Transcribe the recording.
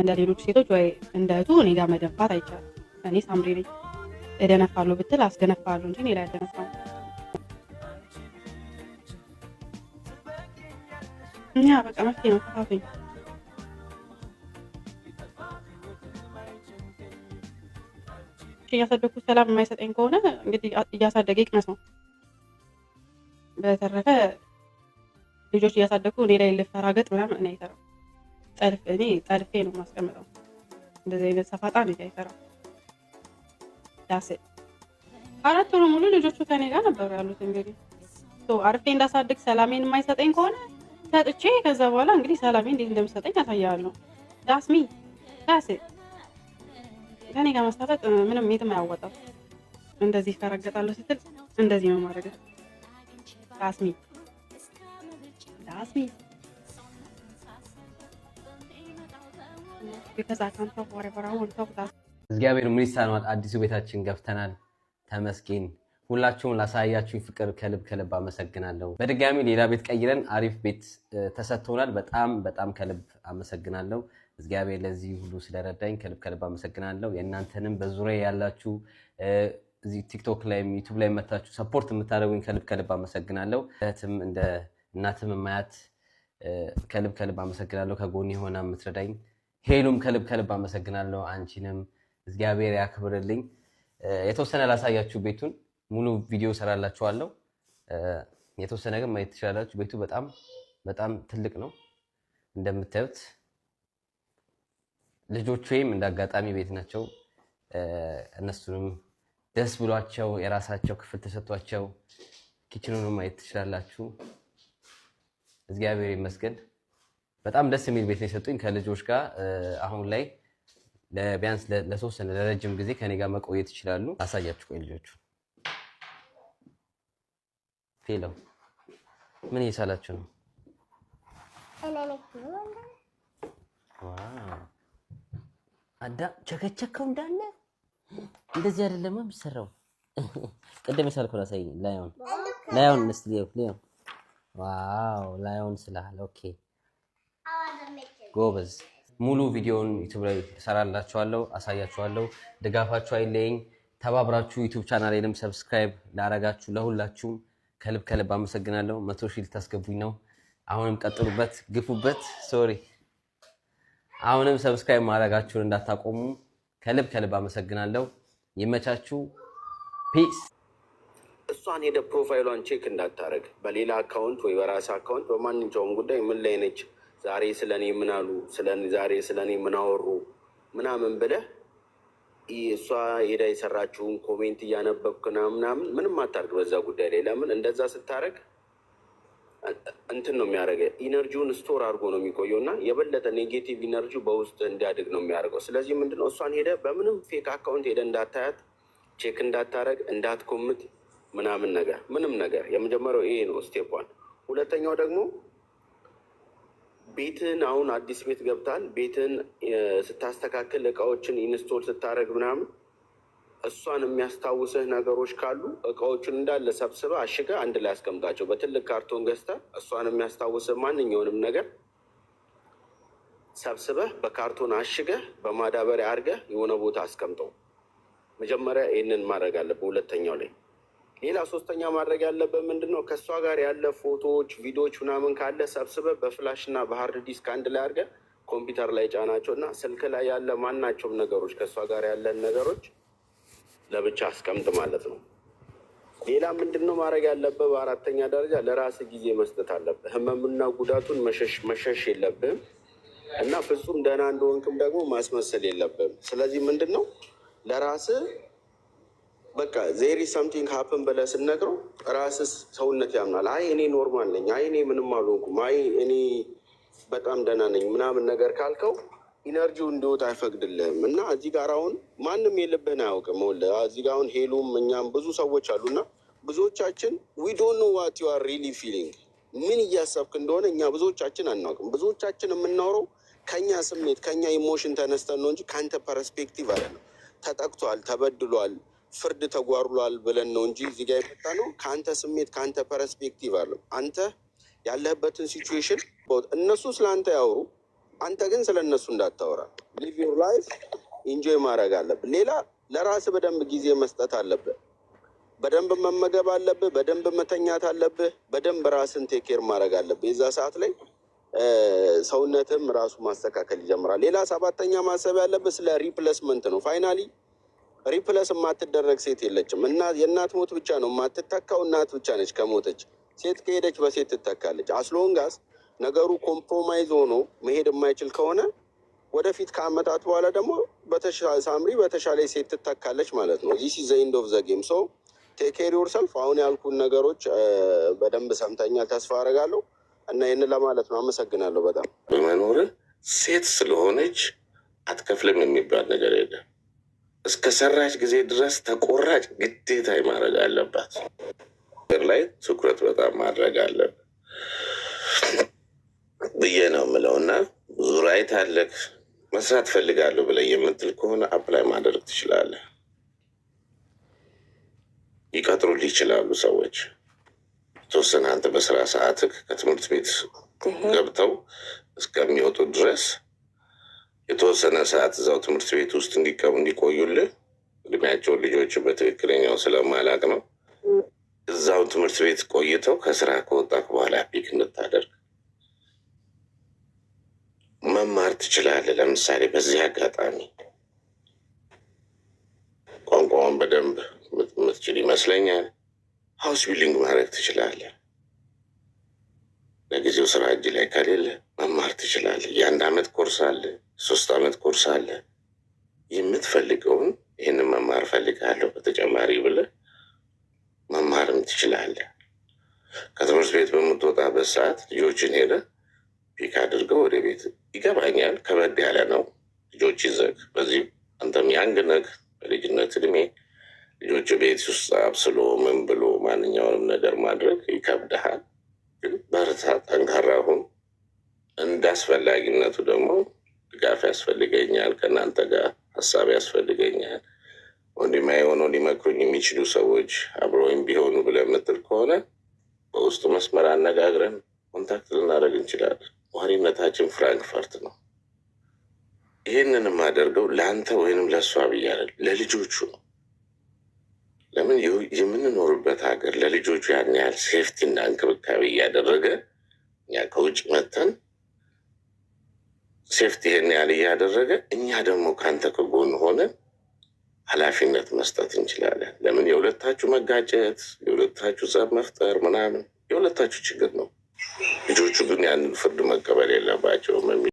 እንደ ሌሎች ሴቶች ወይ እንደ እህቱ እኔ ጋር መደንፋት አይቻልም። እኔ ሳምሪ ነኝ። እደነፋለሁ ብትል አስደነፋለሁ እንጂ ሌላ ያደነፋ እኛ በቃ መፍትሄ ነው። ተፋቱኝ። እያሳደግኩት ሰላም የማይሰጠኝ ከሆነ እንግዲህ እያሳደገ ይቅመስ ነው። በተረፈ ልጆች እያሳደግኩ እኔ ላይ ልፈራገጥ ምናምን እኔ አይሰራም። ጠልፍ እኔ ጠልፌ ነው የማስቀምጠው። እንደዚህ አይነት ሰፋጣ ልጅ አይሰራም። ዳሴ አራት ወር ሙሉ ልጆቹ ከኔ ጋር ነበሩ ያሉት። እንግዲህ አርፌ እንዳሳድግ ሰላሜን የማይሰጠኝ ከሆነ ሰጥቼ ከዛ በኋላ እንግዲህ ሰላሜ እንዴት እንደምሰጠኝ ያሳያሉ ዳስሚ ዳሴ ከኔ ጋር መሳጠጥ ምንም የትም አያወጣም። እንደዚህ ከረገጣለሁ ስትል እንደዚህ ነው ማድረግ። ዳስሚ ዳስሚ እግዚአብሔር ምን ይሳነዋል? አዲሱ ቤታችን ገብተናል። ተመስገን። ሁላችሁም ላሳያችሁ ፍቅር ከልብ ከልብ አመሰግናለሁ። በድጋሚ ሌላ ቤት ቀይረን አሪፍ ቤት ተሰጥቶናል። በጣም በጣም ከልብ አመሰግናለሁ። እግዚአብሔር ለዚህ ሁሉ ስለረዳኝ ከልብ ከልብ አመሰግናለሁ። የእናንተንም በዙሪያ ያላችሁ እዚህ ቲክቶክ ላይ ዩቱብ ላይ መታችሁ ሰፖርት የምታደርጉኝ ከልብ ከልብ አመሰግናለሁ። እህትም እንደ እናትም ማያት ከልብ ከልብ አመሰግናለሁ። ከጎን የሆነ የምትረዳኝ ሄሉም ከልብ ከልብ አመሰግናለሁ። አንቺንም እግዚአብሔር ያክብርልኝ። የተወሰነ ላሳያችሁ ቤቱን፣ ሙሉ ቪዲዮ ሰራላችኋለሁ። የተወሰነ ግን ማየት ትችላላችሁ። ቤቱ በጣም በጣም ትልቅ ነው እንደምታዩት። ልጆች ወይም እንደ አጋጣሚ ቤት ናቸው። እነሱንም ደስ ብሏቸው የራሳቸው ክፍል ተሰጥቷቸው ኪችኑንም ማየት ትችላላችሁ። እግዚአብሔር ይመስገን። በጣም ደስ የሚል ቤት ነው የሰጡኝ። ከልጆች ጋር አሁን ላይ ቢያንስ ለሶስት ለረጅም ጊዜ ከኔ ጋር መቆየት ይችላሉ። አሳያችሁ። ቆይ ልጆቹ ፌለው ምን እየሳላችሁ ነው? አዳ ቸከቸከው እንዳለ እንደዚህ አይደለም የሚሰራው። ቅድም የሳልኩ ላሳይ። ላዮን ላዮን ስ ዋው ላዮን ስላል ኦኬ ጎበዝ። ሙሉ ቪዲዮውን ዩቱብ ላይ እሰራላችኋለሁ፣ አሳያችኋለሁ። ድጋፋችሁ አይለይኝ። ተባብራችሁ ዩቱብ ቻናሌንም ሰብስክራይብ ላረጋችሁ ለሁላችሁም ከልብ ከልብ አመሰግናለሁ። መቶ ሺህ ልታስገቡኝ ነው። አሁንም ቀጥሉበት፣ ግፉበት። ሶሪ አሁንም ሰብስክራይብ ማድረጋችሁን እንዳታቆሙ። ከልብ ከልብ አመሰግናለሁ። ይመቻችሁ። ፒስ። እሷን ሄደ ፕሮፋይሏን ቼክ እንዳታረግ በሌላ አካውንት ወይ በራስ አካውንት በማንኛውም ጉዳይ ምን ላይ ነች ዛሬ ስለ እኔ ምን አሉ፣ ዛሬ ስለ እኔ ምን አወሩ ምናምን ብለህ እሷ ሄዳ የሰራችውን ኮሜንት እያነበብክ ምናምን ምንም አታርግ በዛ ጉዳይ ላይ። ለምን እንደዛ ስታደርግ እንትን ነው የሚያደርገ ኢነርጂውን ስቶር አድርጎ ነው የሚቆየው እና የበለጠ ኔጌቲቭ ኢነርጂ በውስጥ እንዲያድግ ነው የሚያደርገው። ስለዚህ ምንድነው እሷን ሄደ በምንም ፌክ አካውንት ሄደ እንዳታያት፣ ቼክ እንዳታረግ፣ እንዳትኮምት ምናምን ነገር ምንም ነገር የመጀመሪያው ይሄ ነው ስቴፕ ዋን። ሁለተኛው ደግሞ ቤትህን አሁን አዲስ ቤት ገብታል። ቤትህን ስታስተካክል እቃዎችን ኢንስቶል ስታደረግ ምናምን እሷን የሚያስታውስህ ነገሮች ካሉ እቃዎቹን እንዳለ ሰብስበ አሽገ አንድ ላይ አስቀምጣቸው። በትልቅ ካርቶን ገዝተ እሷን የሚያስታውስህ ማንኛውንም ነገር ሰብስበህ በካርቶን አሽገህ በማዳበሪያ አድርገህ የሆነ ቦታ አስቀምጠው። መጀመሪያ ይህንን ማድረግ አለብህ። ሁለተኛው ላይ ሌላ ሶስተኛ ማድረግ ያለበት ምንድን ነው? ከእሷ ጋር ያለ ፎቶዎች፣ ቪዲዮዎች ምናምን ካለ ሰብስበ በፍላሽ እና በሀርድ ዲስክ አንድ ላይ አድርገ ኮምፒውተር ላይ ጫናቸው እና ስልክ ላይ ያለ ማናቸውም ነገሮች ከእሷ ጋር ያለን ነገሮች ለብቻ አስቀምጥ ማለት ነው። ሌላ ምንድን ነው ማድረግ ያለበት? በአራተኛ ደረጃ ለራስ ጊዜ መስጠት አለብህ። ህመምና ጉዳቱን መሸሽ የለብህም እና ፍጹም ደህና እንደሆንክም ደግሞ ማስመሰል የለብህም። ስለዚህ ምንድን ነው ለራስ በቃ ዜሪ ሳምቲንግ ሀፕን ብለህ ስነግረው ራስስ ሰውነት ያምናል። አይ እኔ ኖርማል ነኝ፣ አይ እኔ ምንም አልሆንኩም፣ አይ እኔ በጣም ደህና ነኝ ምናምን ነገር ካልከው ኢነርጂው እንዲወጣ አይፈቅድልህም። እና እዚህ ጋር አሁን ማንም የልብህን አያውቅም። እዚህ ጋር አሁን ሄሉም እኛም ብዙ ሰዎች አሉና ብዙዎቻችን ዊ ዶንት ኖ ዋት ዩ አር ሪሊ ፊሊንግ ምን እያሰብክ እንደሆነ እኛ ብዙዎቻችን አናውቅም። ብዙዎቻችን የምናውረው ከኛ ስሜት ከኛ ኢሞሽን ተነስተን ነው እንጂ ከአንተ ፐርስፔክቲቭ አለ ነው ተጠቅቷል፣ ተበድሏል ፍርድ ተጓድሏል ብለን ነው እንጂ እዚጋ የመጣ ነው። ከአንተ ስሜት ከአንተ ፐርስፔክቲቭ አለ አንተ ያለህበትን ሲትዌሽን እነሱ ስለ አንተ ያወሩ፣ አንተ ግን ስለ እነሱ እንዳታወራ። ሊቭ ዮር ላይፍ ኢንጆይ ማድረግ አለብህ። ሌላ ለራስ በደንብ ጊዜ መስጠት አለብህ። በደንብ መመገብ አለብህ። በደንብ መተኛት አለብህ። በደንብ ራስን ቴኬር ማድረግ አለብህ። የዛ ሰዓት ላይ ሰውነትም ራሱ ማስተካከል ይጀምራል። ሌላ ሰባተኛ ማሰብ ያለብህ ስለ ሪፕሌስመንት ነው ፋይናሊ ሪፕለስ የማትደረግ ሴት የለችም። የእናት ሞት ብቻ ነው የማትተካው። እናት ብቻ ነች ከሞተች። ሴት ከሄደች በሴት ትተካለች። አስሎንጋስ ነገሩ ኮምፕሮማይዝ ሆኖ መሄድ የማይችል ከሆነ ወደፊት ከአመታት በኋላ ደግሞ ሳምሪ በተሻለ ሴት ትተካለች ማለት ነው። ዚስ ዘ ኢንድ ኦፍ ዘ ጌም ሶ ቴክ ኬር ሰልፍ። አሁን ያልኩን ነገሮች በደንብ ሰምተኛል ተስፋ አደርጋለሁ እና ይህን ለማለት ነው። አመሰግናለሁ በጣም በመኖር ሴት ስለሆነች አትከፍልም የሚባል ነገር የለም። እስከ ሰራች ጊዜ ድረስ ተቆራጭ ግዴታ ማድረግ አለባት። ላይ ትኩረት በጣም ማድረግ አለብን ብዬ ነው የምለው እና ዙሪያ ታለክ መስራት ፈልጋለሁ ብለ የምትል ከሆነ አፕላይ ማድረግ ትችላለ። ይቀጥሩ ይችላሉ ሰዎች የተወሰነ አንተ በስራ ሰዓትህ ከትምህርት ቤት ገብተው እስከሚወጡ ድረስ የተወሰነ ሰዓት እዛው ትምህርት ቤት ውስጥ እንዲቆዩልህ እድሜያቸውን ልጆች በትክክለኛው ስለማላቅ ነው። እዛው ትምህርት ቤት ቆይተው ከስራ ከወጣ በኋላ ፒክ እንታደርግ መማር ትችላለህ። ለምሳሌ በዚህ አጋጣሚ ቋንቋውን በደንብ የምትችል ይመስለኛል። ሀውስ ቢልዲንግ ማድረግ ትችላለህ። ለጊዜው ስራ እጅ ላይ ከሌለ መማር ትችላለህ። የአንድ አመት ኮርስ አለ፣ ሶስት አመት ኮርስ አለ። የምትፈልገውን ይህንን መማር ፈልጋለሁ በተጨማሪ ብለ መማርም ትችላለህ። ከትምህርት ቤት በምትወጣበት ሰዓት ልጆችን ሄደ ፒክ አድርገው ወደ ቤት ይገባኛል። ከበድ ያለ ነው ልጆች ይዘግ በዚህ አንተም ያንግ ነግ በልጅነት እድሜ ልጆች ቤት ውስጥ አብስሎ ምን ብሎ ማንኛውንም ነገር ማድረግ ይከብድሃል። በርታ፣ ጠንካራ ሁን። እንደ አስፈላጊነቱ ደግሞ ድጋፍ ያስፈልገኛል፣ ከእናንተ ጋር ሀሳብ ያስፈልገኛል። ወንድማ የሆነው ሊመክሩኝ የሚችሉ ሰዎች አብረውኝ ቢሆኑ ብለህ የምትል ከሆነ በውስጡ መስመር አነጋግረን ኮንታክት ልናደርግ እንችላለን። ዋሪነታችን ፍራንክፈርት ነው። ይህንን የማደርገው ለአንተ ወይንም ለእሷ ብያለን ለልጆቹ ነው። ለምን የምንኖርበት ሀገር ለልጆቹ ያን ያህል ሴፍቲ እና እንክብካቤ እያደረገ እኛ ከውጭ መተን ሴፍቲ ይህን ያህል እያደረገ እኛ ደግሞ ከአንተ ከጎን ሆነን ኃላፊነት መስጠት እንችላለን። ለምን የሁለታችሁ መጋጨት፣ የሁለታችሁ ጸብ መፍጠር ምናምን የሁለታችሁ ችግር ነው። ልጆቹ ግን ያንን ፍርድ መቀበል የለባቸውም።